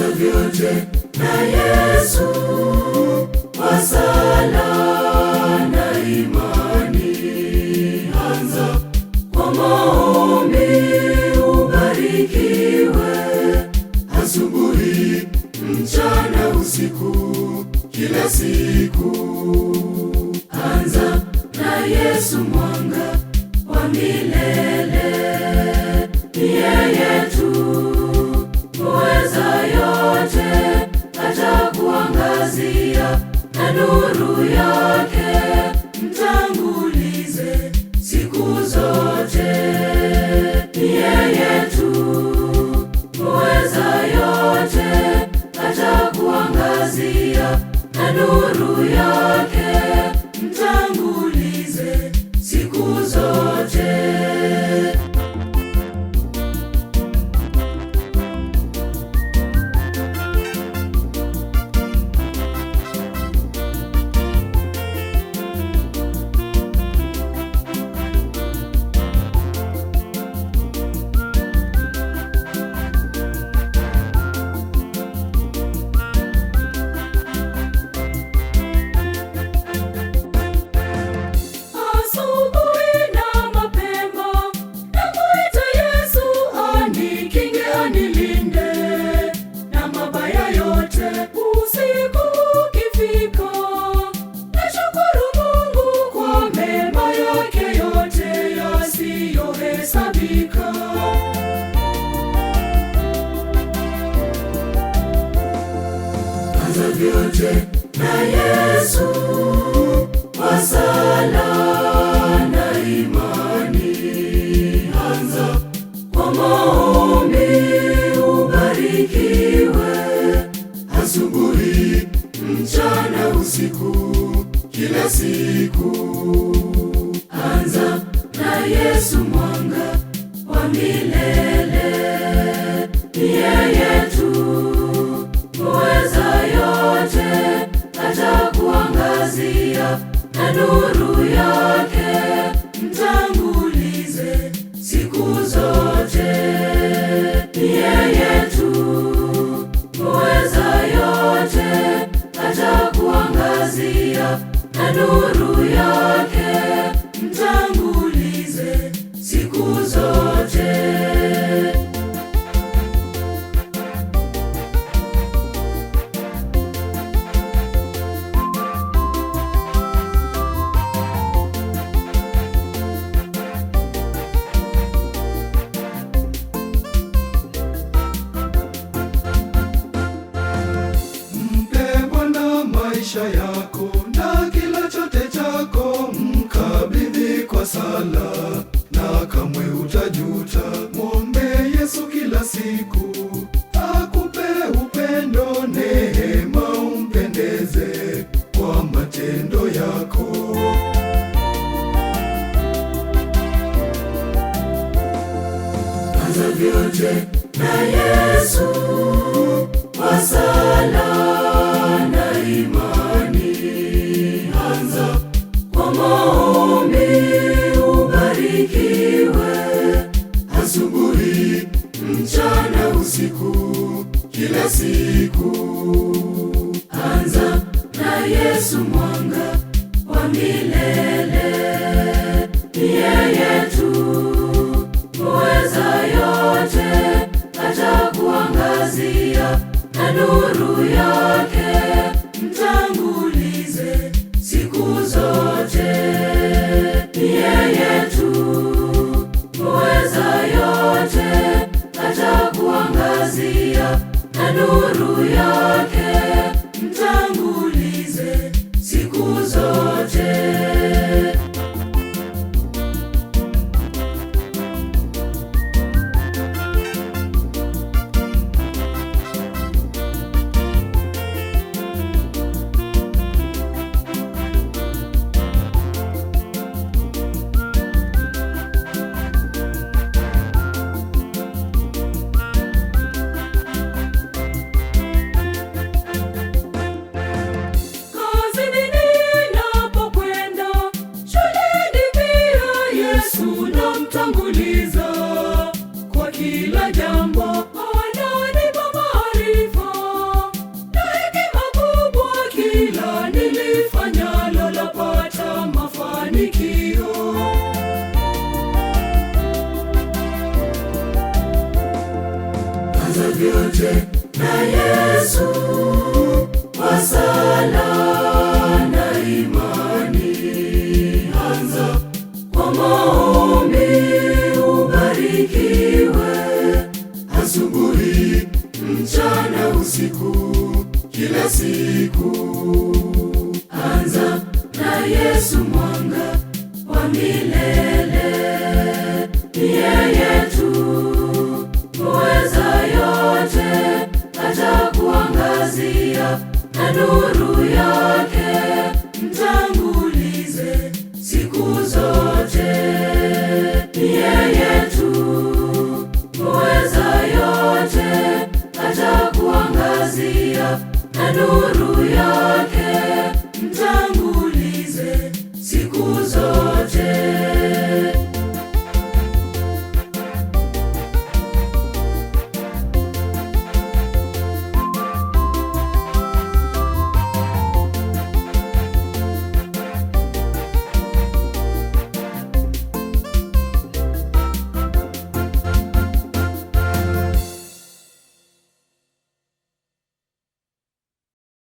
tuweza vyote na Yesu kwa sala na imani. Anza kwa maombi, ubarikiwe asubuhi, mchana, usiku, kila siku. Anza na Yesu mwa nuru ya nje na Yesu kwa sala na imani. Anza kwa maombi, ubarikiwe asubuhi, mchana, usiku, kila siku. Anza na Yesu, mwanga wa milele, yeye na nuru yake mtangulize siku zote. Ni yeye tu muweza yote, atakuangazia na nuru yake utalala na kamwe utajuta. Mwombe Yesu kila siku akupe upendo, neema umpendeze kwa matendo yako. Anza vyote na Yesu sala. siku, kila siku. Anza na Yesu, mwanga wa milele, ni yeye yote, atakuangazia na nuru vyanzo vyote na Yesu kwa sala na imani. Anza kwa maombi, ubarikiwe asubuhi, mchana, usiku, kila siku. Anza na Yesu, mwanga wa milele, yeye na nuru yake mtangulize siku zote. Ni yeye tu muweza yote, atakuangazia na nuru